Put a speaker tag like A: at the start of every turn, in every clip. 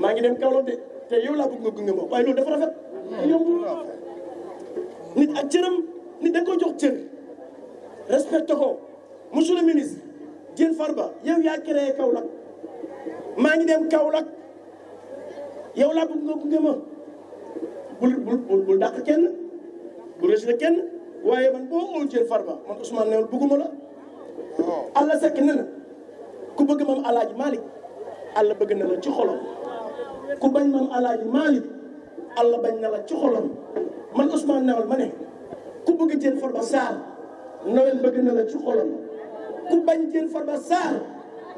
A: maa ngi dem Kaolack de te yow laa bëgg nga gunge ma waaye loolu dafa cëram nit da ko jox cër respecté ko monsieur Farba yow yaa créé Kaolack maa ngi dem Kaolack yow laa bëgg nga gunge ma bul bul kenn bu rejeté kenn waaye man boo oo Diène Farba man Ousmane newul bëgguma la oh. Allah sekk ne ku bëgg moom Alaaji Malick Allah bëgg na la ci xolam ku bañ man alaaji Maalik allah bañ na la ci xolam man Ousmane Nawel ma ne ku bëgg Diène Farba Sarr Nawel bëgg na la ci xolam ku bañ Diène Farba Sarr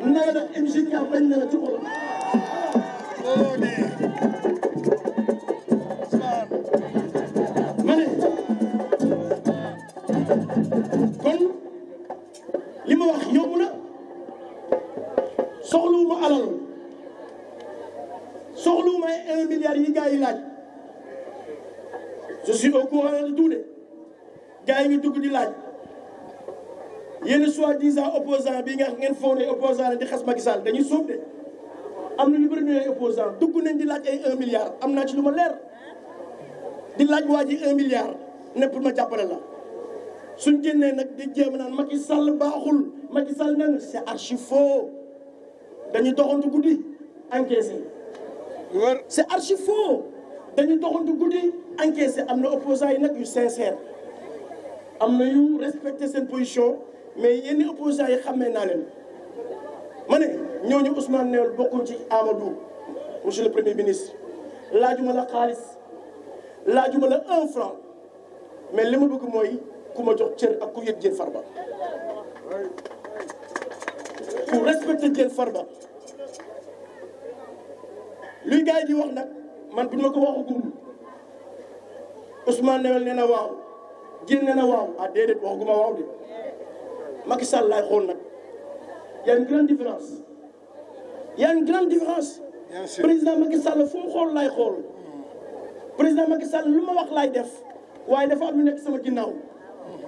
A: Nawel ak MJK na la ci xolam di laaj yéen soi-disant opposant bi nga xam ngeen foog de opposant la di xas Macky Sall dañuy suuf de am na ñu bëri ñu ay dugg nañ di laaj ay 1 milliard am naa ci lu ma leer di laaj waa ji 1 milliard ne pour ma jàppale la suñ génnee nag di jéem naan Macky Sall baaxul Macky Sall nag c'est archi faux dañuy doxantu guddi encaissé c'est archi faux dañuy doxantu guddi encaissé am na opposant yi nag yu sincère am na respecté seen position mais yenn opposants yi xamé na len mané ñooñu Ousmane Noël bokkul ci Amadou monsieur le premier ministre lajuma la xaalis lajuma la 1 franc mais li bëgg moy kuma jox cër ak ku yëg Diène Farba ku respecté Diène Farba li gars di wax nak man bu ñu ma ko waxagum Ousmane Noël Néna waaw. génne na waaw ah déedéet waxuma waaw de Macky Sall laay xool nag y une grande différence y a une grande différence. bien sûr président Macky Sall fu mu xool laay xool président Macky Sall lu ma wax laay def waaye dafa am lu nekk sama ginnaaw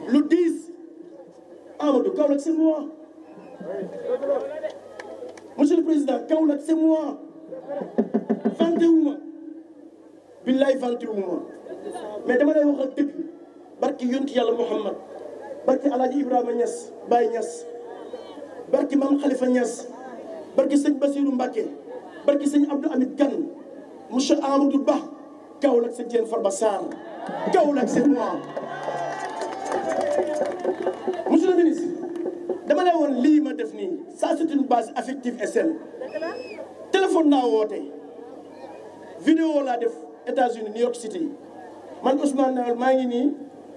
A: lu diis Amadou Kaolack c'est moi monsieur le président Kaolack c'est moi vanté wu ma billaay vanté wu ma mais dama lay wax ak dëgg. barki yonti yàlla Muhammad barki alaaji Ibrahima Niass Baye Niass barki maam Khalifa Niass barki sëñ Basirou Mbacke barki sëñ Abdou Hamid Kane monsieur Amadou Ba Kaolack sa Diène Farba Sarr Kaolack c'est moi monsieur le ministre dama ne woon lii ma def nii ça c'est une affective et téléphone naa woote vidéo laa def États-Unis New York City man Ousmane Nawel maa ngi nii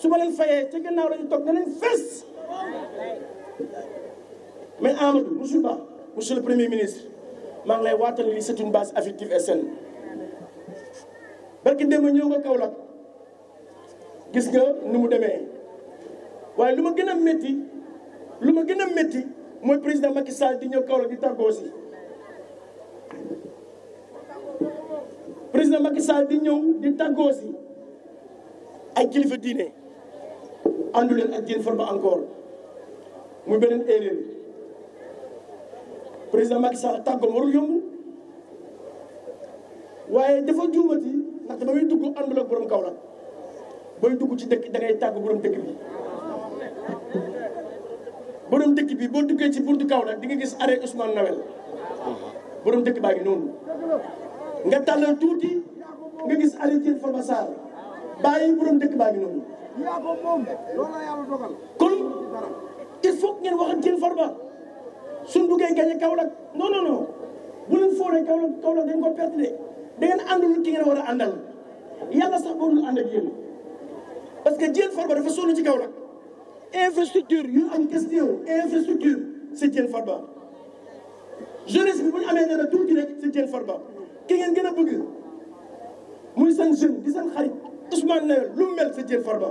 A: su ma leen fayee ca gannaaw la ñu toog ne leen fees mais Amadou monsieur Ba monsieur le premier ministre maa ngi lay waatal li c'est une base affective et saine barki démb ñëw nga Kaolack gis nga ni mu demee waaye lu ma gën a métti lu ma gën a métti mooy président Macky Sall di ñëw Kaolack di tàggoo si président Macky di ñëw di tàggoo si ay kilifa diine àndu leen ak Diène Farba encore muy beneen erreur président Macky Sall tàggoom warul yomb waaye dafa juumati ndaxte ba muy dugg àndul ak borom Kaolack bay dugg ci dëkk da ngay tàgg borom dëkk bi. borom dëkk bi boo duggee ci buntu Kaolack di nga gis arrêt Ousmane Nawel borom dëkk baa ngi noonu nga tàllal tuuti nga gis arrêt Diène Farba Sarr bàyyi borom dëkk baa ngi noonu. yaa ko moom loolu la kon il faut ngeen waxan ci Farba suñ duggee gañe Kaolack non non non bu leen fooree Kaolack Kaolack dañ ko perte de da ngeen àndul ki ngeen war a àndal yàlla sax boolul ànd ak yéen parce que Diène Farba dafa sonn ci Kaolack infrastructure yu am question infrastructure c'est Diène Farba jeunesse bi bu ñu amee dara tuuti rek c'est Diène Farba ki ngeen gën a bëgg muy seen jeune di seen xarit Ousmane Noël lu mu mel c'est Diène Farba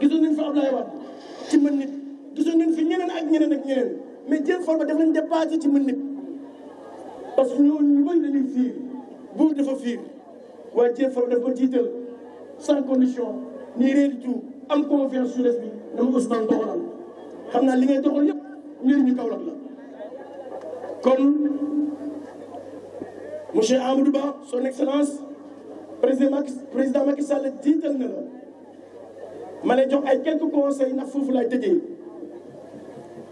A: gisoon nañ fi Abdoulaye Wade ci mën nit gisoon nañ fi ñeneen ak ñeneen ak ñeneen mais jël forme daf leen dépassé ci mën nit parce que ñooñu ñu bëri dañuy fiir buur dafa fiir waaye jël forme daf ko jiital sans condition ni rien du tout am confiance su def bi dama Ousmane doxalal xam naa li ngay doxal yëpp njëriñu Kaolack la kon monsieur Amadou Ba son excellence président Macky président Macky Sall jiital na la ma lay jox ay quelques conseils ndax foofu laay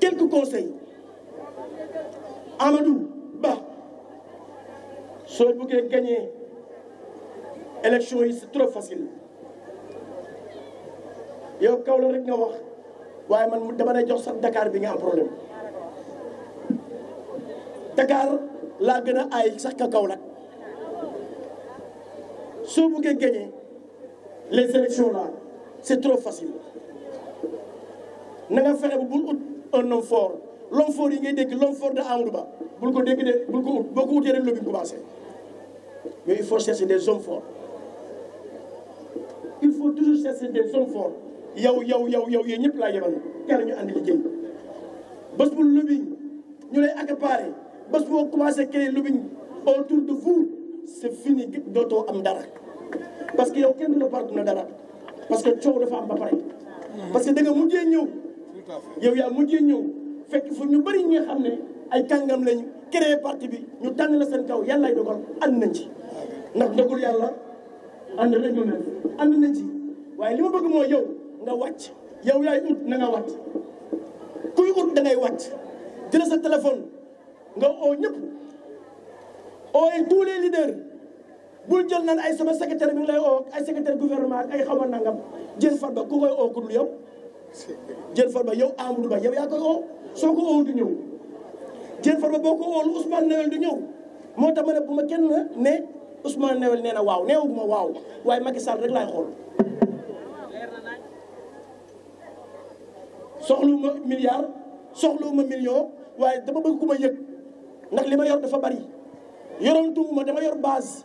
A: quelques conseils Amadou si vous voulez gagner élection yi c'est trop facile yow kaw la rek nga wax waaye man dama lay jox sax Dakar bi nga problème Dakar la gën a aay sax ka Si vous voulez gagner les élections là c'est trop facile na nga fexe ba un homme fort l'homme fort yi ngay dégg l'homme fort de Amadou Ba bul ko dégg de bul ko ut boo ko utee rek lobby commencé mais il faut chercher des hommes forts il faut toujours chercher des hommes forts yow yow yow yow yooyu ñëpp laa yemal kenn ñu ànd liggéey bés bu lobby ñu lay accaparer bés boo commencé créer lobby autour de vous c'est fini dootoo am dara parce que yow kenn du la partenaire dara. parce que coow dafa am ba pare parce que da nga mujjee ñëw yow yaa mujjee ñëw fekk fu ñu bëri ñu xam ne ay kàngam lañu créé parti bi ñu tàng la seen kaw yàllaay dogal ànd nañ ci ndax ndogul yàlla ànd rek ñu ne nañ ci waaye li ma bëgg mooy yow nga wàcc yow yaay ut na nga kuy ut da ngay wàcc sa téléphone nga oo ñëpp ooye tous les leaders bul jël naan ay sama secrétaire bi ngi lay oo ay secrétaire gouvernement ak ay xawma nangam jël Farba ku koy oo ku dul yow jël Farba yow Amadou Ba yow yaa koy oo soo ko oowul du ñëw jël Farba boo ko oowul Ousmane Noël du ñëw moo tax ma ne bu ma kenn ne Ousmane Noël nee na waaw neewu ma waaw waaye Macky Sall rek laay xool soxluwuma milliard soxluwuma million waaye dama bëgg ku ma yëg ndax li ma yor dafa bari yorantuwuma dama yor baas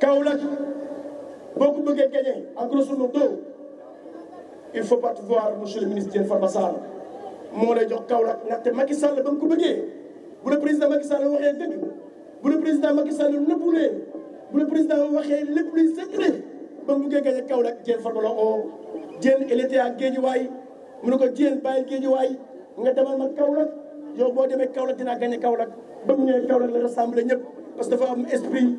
A: Kaolack boo ko bëggee gagner en grosso modo il faut pas voir monsieur le ministre Diène Farba Sall moo lay jox Kaolack ndaxte Macky Sall ba mu ko bëggee bu le président Macky Sall waxee dëgg bu le président Macky Sall nëbbulee bu le président waxee lépp luy secret ba mu bëggee gagner Kaolack Diène Farba la oo Diène il était à waay mu ne ko Diène bàyyi waay nga demal ma Kaolack yow boo demee Kaolack dinaa gagner Kaolack ba mu ñëwee Kaolack la ñëpp parce que dafa am esprit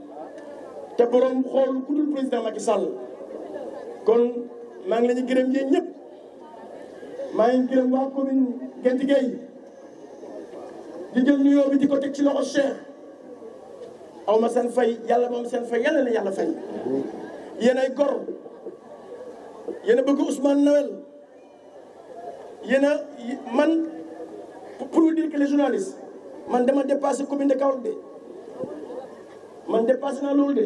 A: te borom xool ku dul président Macky Sall kon maa ngi la ñu gërëm yéen ñëpp maa ngi gërëm waa commune Gént Gueye di jël nuyoo bi di ko teg ci loxo Cheikh aw ma seen fay yàlla moom seen fay yàlla na yàlla fay yéen ay gor yéen a bëgg usman Noël yéen a man pour vous dire que les journalistes man dama dépassé commune de Kaolack de man dépassé naa loolu de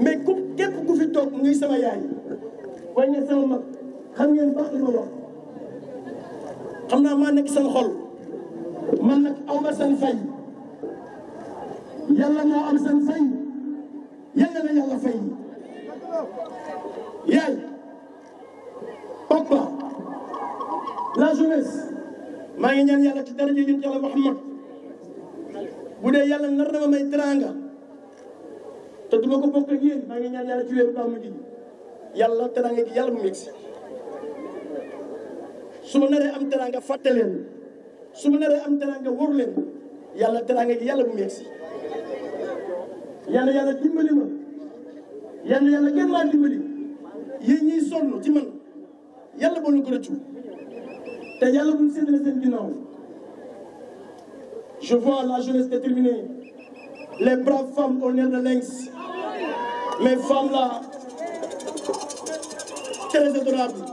A: mais ku képp ku fi toog ngay sama yaay waaye nga sama mag xam ngeen baax li ma xam naa maa nekk seen xol man nag aw ma seen fay yàlla moo am seen fay yàlla na yàlla fay yaay papa la jeunesse maa ngi ñaan yàlla ci daraja yonent yàlla Muhammad bu dee yàlla nar na ma may teraanga te du ma ko bokk ak yéen maa ngi ñaan yàlla ci wéeru gàmmu gi yàlla teraanga gi yàlla mu yegg si su ma am teraanga fàtte leen su ma am teraanga wor leen yàlla teraanga gi yàlla bu mu yegg si yàlla yàlla dimbali ma yàlla yàlla ngeen maa dimbali yéen ñiy sonn ci man yàlla boo leen ko te yàlla bu mu séddale seen ginnaaw je vois la jeunesse déterminée les braves femmes au de lynx, mes femmes là, très adorables,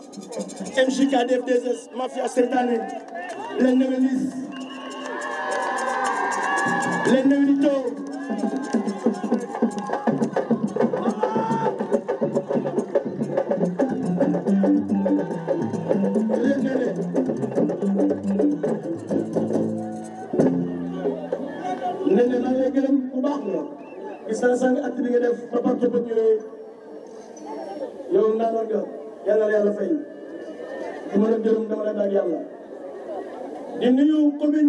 A: MJK, Mafia cette année, les Nemenis, les Nemenitos, cinq cent acte bi nga def Fapal ca bëgg ñëwee yow naanoon nga yàlla yàlla fay du ma la gërëm dama la daal yàlla. di nuyu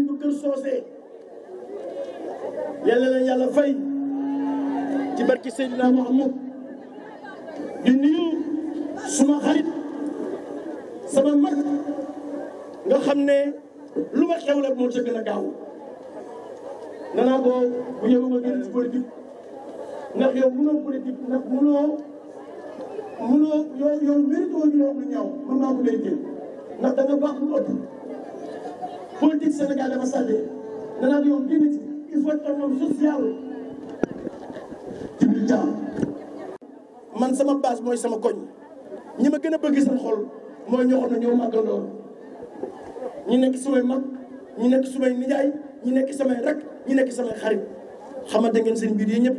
A: bu Kër Socé yàlla na yàlla fay ci barki Seydina Mouhamad di nuyu suma xarit sama mag nga xam ne lu ma xew la moo ca gën a gaaw. nanaa ko bu ñëw ma gën a politique ndax yow mënoo politique ndax mënoo mënoo yow ñu ndax da nga baax lu ëpp politique Sénégal dafa sàllee man sama base mooy sama koñ ñi ma gën a bëgg mooy ñoo xam ne ñoo ñu nekk sumay mag ñu nekk sumay nijaay ñu nekk samay rek ñu nekk samay xarit xamante ngeen seen mbir yi ñëpp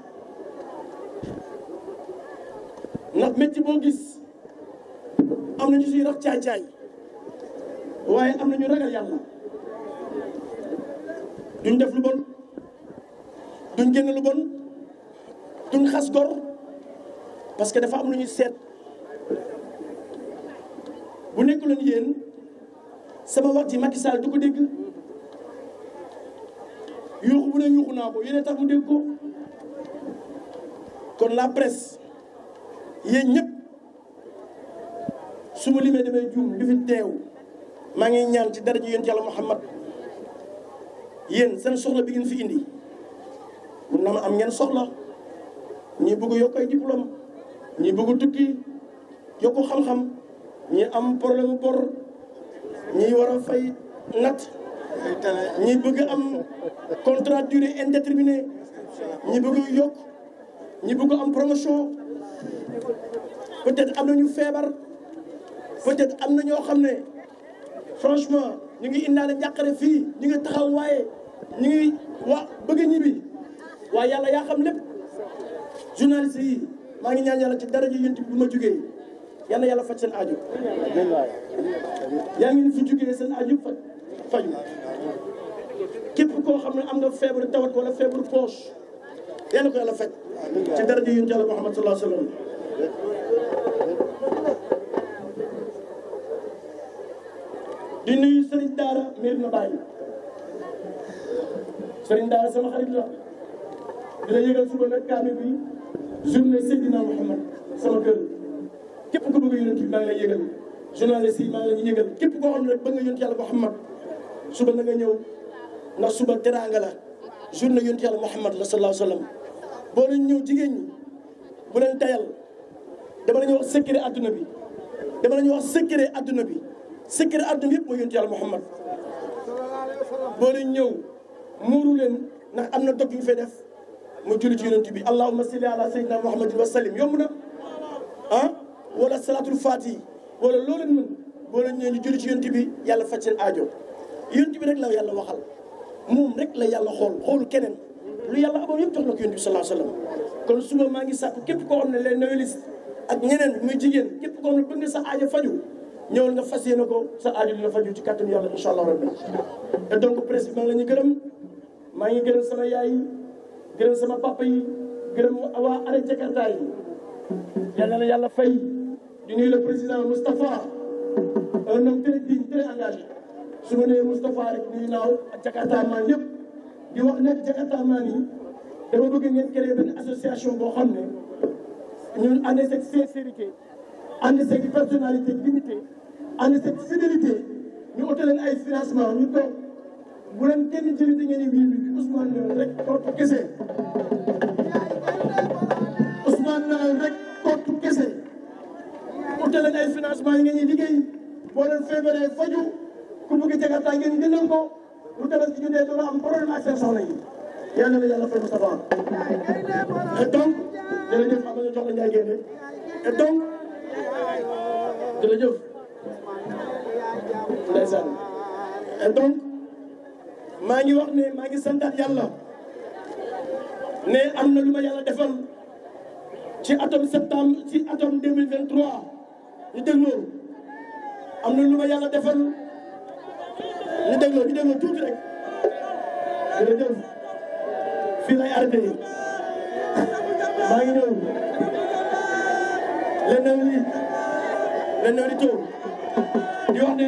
A: ndax métti boo gis am na ñu suy rax caay-caay waaye am na ñu ragal yàlla duñ def lu bon duñ génn lu bon duñ xas gor parce que dafa am lu ñu seet bu nekk leen yéen sama wax ji Macky Sall du ko dégg yuuxu bu ne yuuxu naa ko yéen tax mu dégg ko kon la presse Yen ñep su limé limee joom li fi téw ma ngi ñaan ci dara ji Muhammad yeen seen soxla bi ngeen fi indi mun na am ngeen soxla ñi bëgg yokk ay diplôme ñi bëgg tukki yokku xam-xam ñi am problème bor ñi wara fay nat ñi bëgg am contrat durée indéterminée ñi bëgg yokk ñi bëgg am promotion peut-être am na ñu feebar peut-être am na ñoo xam ne franchement ñu ngi indaale njàqare fii ñu ngi taxaw waaye ñu ngi wa bëgg ñibbi waaye yàlla yaa xam lépp journaliste yi maa ngi ñaan yàlla ci dara ji yënti bu ma jugee yàlla yàlla faj seen aju yaa ngi fi jugee seen aju faj faju képp koo xam ne am nga feebaru tawat wala feebaru poche yàlla ko yàlla faj ci dara ji yënti yàlla Muhammad sallallahu alayhi wa di nuyu Serigne Daara Medina Baye Serigne Daara sama xarit la dina yëgal suba nag kaamil bi journée Seydina Mouhamad sama kër képp ku bëgg yonent bi maa ngi lay xam ne ba nga yonent yàlla suba na nga ñëw ndax suba teraanga la journée yonent yàlla Mouhamad la sallallahu alayhi boo leen ñëw jigéen bu leen tayal dama na ñuy wax secret bi dama la wax secret adduna bi. secret àdduna yëpp mooy yonent yàlla Muhammad boo leen ñëw muuru leen ndax am na dog yu fay def mu julli ci yonent bi allahumma salli ala sayyidina muhammadin wa sallim yomb na ah wala salatul fatihi wala loo leen mën boo leen ñëwee ñu julli ci yonent bi yàlla faj ajo aajo yonent bi rek la yàlla waxal moom rek la yàlla xool xoolu keneen lu yàlla amoon yëpp jox na ko yonent bi sallallahu alayhi kon suba maa ngi sàkku képp koo xam ne les novelistes ak ñeneen muy jigéen képp koo xam ne bëgg nga ñëwal nga fas yéene ko sa aajo faj faju ci kàttanu yàlla incha allah rabbi et donc presse bi la ñu gërëm maa ngi gërëm sama yaay yi gërëm sama papa yi gërëm waa ara jakarta yi yàlla na yàlla fay du ñuy le président Moustapha un homme très digne très engagé su ma nee Moustapha rek nuyu naaw ak jakarta maan yëpp di wax nag jakarta maan yi dama bëgg ngeen créer benn association boo xam ne ñun ànd seeg sincérité ànd seeg personnalité limitée ànd cette fidélité ñu oto ay financement ñu toog bu leen kenn jëli da ngeen wii bi Ousmane ñëw rek kottu kese Ousmane ñëw rek kottu kese oto ay financement yi ngeen ñuy liggéey boo leen feebaree faju ku bëgg jakarta ngeen jëndal ko bu tabaski ci jotee doo am problème ak seen soxla yi yàlla na yàlla fay na jox la Ndiaye ndeysaan donc maa ngi wax ne maa ngi santaat yàlla ne am na lu ma a defal ci atum septembre ci atum 2023 ñu dégloo am na lu ma yàlla defal ñu dégloo ñu dégloo tuuti rek fii lay arrêté maa ngi ñëw leneen li toog di wax ne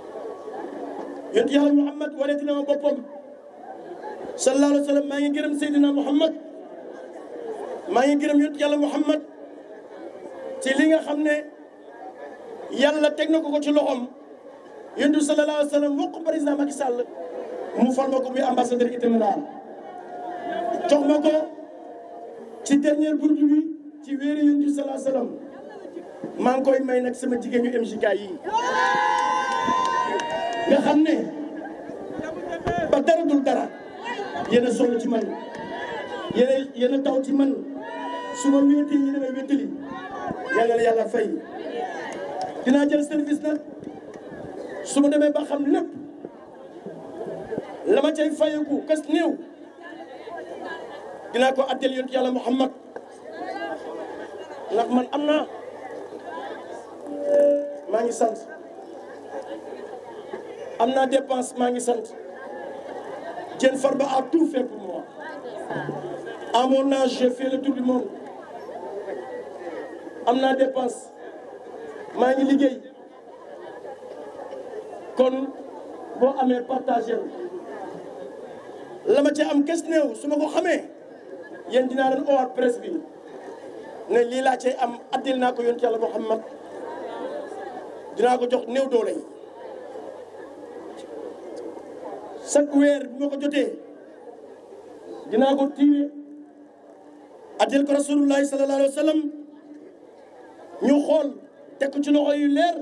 A: يا محمد ولدنا وبابهم صلى الله عليه وسلم ما يكرم سيدنا محمد ما يكرم يد يا محمد تلينا خمنة يا الله تكنو كوتشلوهم يندو صلى الله عليه وسلم مقبر إذا ما كسل مفعل ما كوبي أمبا سدر إتمنا تقوم كو في dernier bout de vie ci wéré yëndu sallallahu alayhi wasallam ma ngoy may nak sama jigéñu MJK nga xam ne ba dara dul dara yéen a sonn man yéen a yéen a taw ci man su ma wéetee yéen a fay dinaa jël service nag su demee ba xam lépp la ma cay fayeku kas néew dinaa ko addel yonent yàlla Muhammad ndax man am naa maa ngi sant amna naa dépense maa ngi sante Diène Farba a tout fait pour moi à mon âge j'ai fait le tour du monde amna naa dépense maa ngi liguey kon bo amé partagé lama ci am kes néew ko xamé yeen dina leen owaat presse bi ne li la ci am adil naa ko yonent Yàlla Muhammad Dina ko jox new doole chaque weer bi ma ko jotee dinaa ko tiire adel ko rasulullahi sallallahu alayhi wa sallam ñu xool teg ko ci loxo yu leer